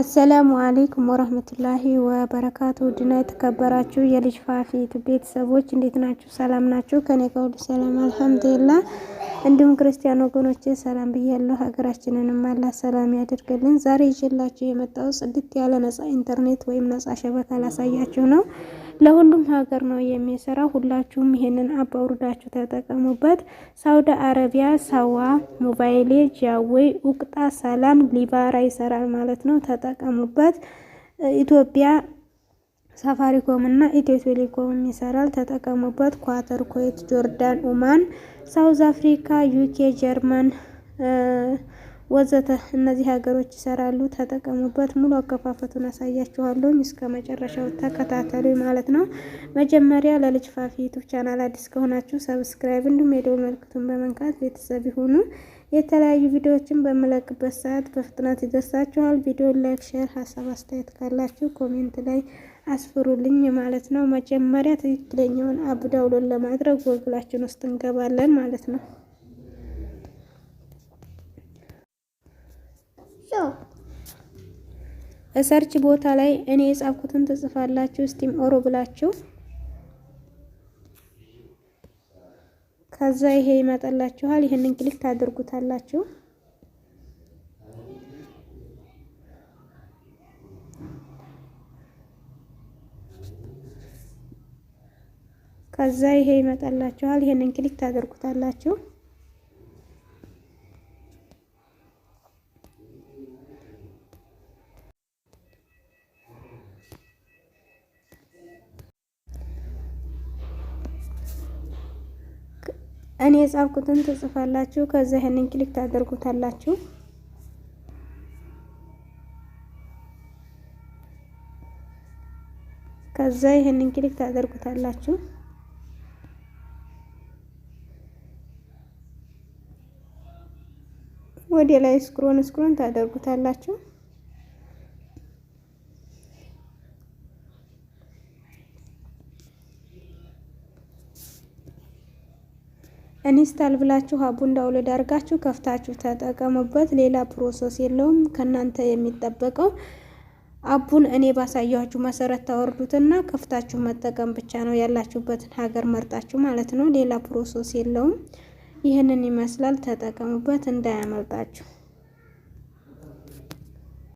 አሰላሙ አሌይኩም ወረህመቱላሂ ወበረካቱ ድና የተከበራችሁ የልጅ ፋፊት ቤተሰቦች እንዴት ናችሁ? ሰላም ናችሁ? ከኔ ከሁሉ ሰላም አልሐምዱሊላህ። እንዲሁም ክርስቲያን ወገኖች ሰላም ብያለሁ። ሀገራችንንም አላህ ሰላም ያደርግልን። ዛሬ ይዤላችሁ የመጣው ጽድት ያለ ነጻ ኢንተርኔት ወይም ነጻ ሸበካ ላሳያችሁ ነው። ለሁሉም ሀገር ነው የሚሰራ። ሁላችሁም ይሄንን አፕ አውርዳችሁ ተጠቀሙበት። ሳውዲ አረቢያ ሳዋ፣ ሞባይሌ፣ ጃዌ፣ ኡቅጣ፣ ሰላም፣ ሊባራ ይሰራል ማለት ነው። ተጠቀሙበት። ኢትዮጵያ ሳፋሪኮም እና ኢትዮ ቴሌኮም ይሰራል። ተጠቀሙበት። ኳተር፣ ኩዌት፣ ጆርዳን፣ ኡማን፣ ሳውዝ አፍሪካ፣ ዩኬ፣ ጀርመን ወዘተ እነዚህ ሀገሮች ይሰራሉ፣ ተጠቀሙበት። ሙሉ አከፋፈቱን አሳያችኋለሁ። እስከ መጨረሻው ተከታተሉ ማለት ነው። መጀመሪያ ለልጅ ፋፊ ዩቱብ ቻናል አዲስ ከሆናችሁ ሰብስክራይብ፣ እንዲሁም የደወል ምልክቱን በመንካት ቤተሰብ ይሁኑ። የተለያዩ ቪዲዮዎችን በምለቅበት ሰዓት በፍጥነት ይደርሳችኋል። ቪዲዮ ላይክ፣ ሼር፣ ሀሳብ አስተያየት ካላችሁ ኮሜንት ላይ አስፍሩልኝ ማለት ነው። መጀመሪያ ትክክለኛውን አብዳውሎን ለማድረግ ጎግላችን ውስጥ እንገባለን ማለት ነው። ሰርች ቦታ ላይ እኔ የጻፍኩትን ትጽፋላችሁ። ስቲም ኦሮ ብላችሁ ከዛ ይሄ ይመጣላችኋል። ይህንን ክሊክ ታደርጉታላችሁ። ከዛ ይሄ ይመጣላችኋል። ይህንን ክሊክ ታደርጉታላችሁ። እኔ የጻፍኩትን ትጽፋላችሁ። ከዛ ይህንን ክሊክ ታደርጉታላችሁ። ከዛ ይህንን ክሊክ ታደርጉታላችሁ። ወደ ላይ ስክሮን ስክሮን ታደርጉታላችሁ። እንስታል ብላችሁ አቡን ዳውንሎድ አድርጋችሁ ከፍታችሁ ተጠቀሙበት። ሌላ ፕሮሰስ የለውም። ከእናንተ የሚጠበቀው አቡን እኔ ባሳየኋችሁ መሰረት ታወርዱትና ከፍታችሁ መጠቀም ብቻ ነው። ያላችሁበትን ሀገር መርጣችሁ ማለት ነው። ሌላ ፕሮሰስ የለውም። ይህንን ይመስላል። ተጠቀሙበት እንዳያመልጣችሁ።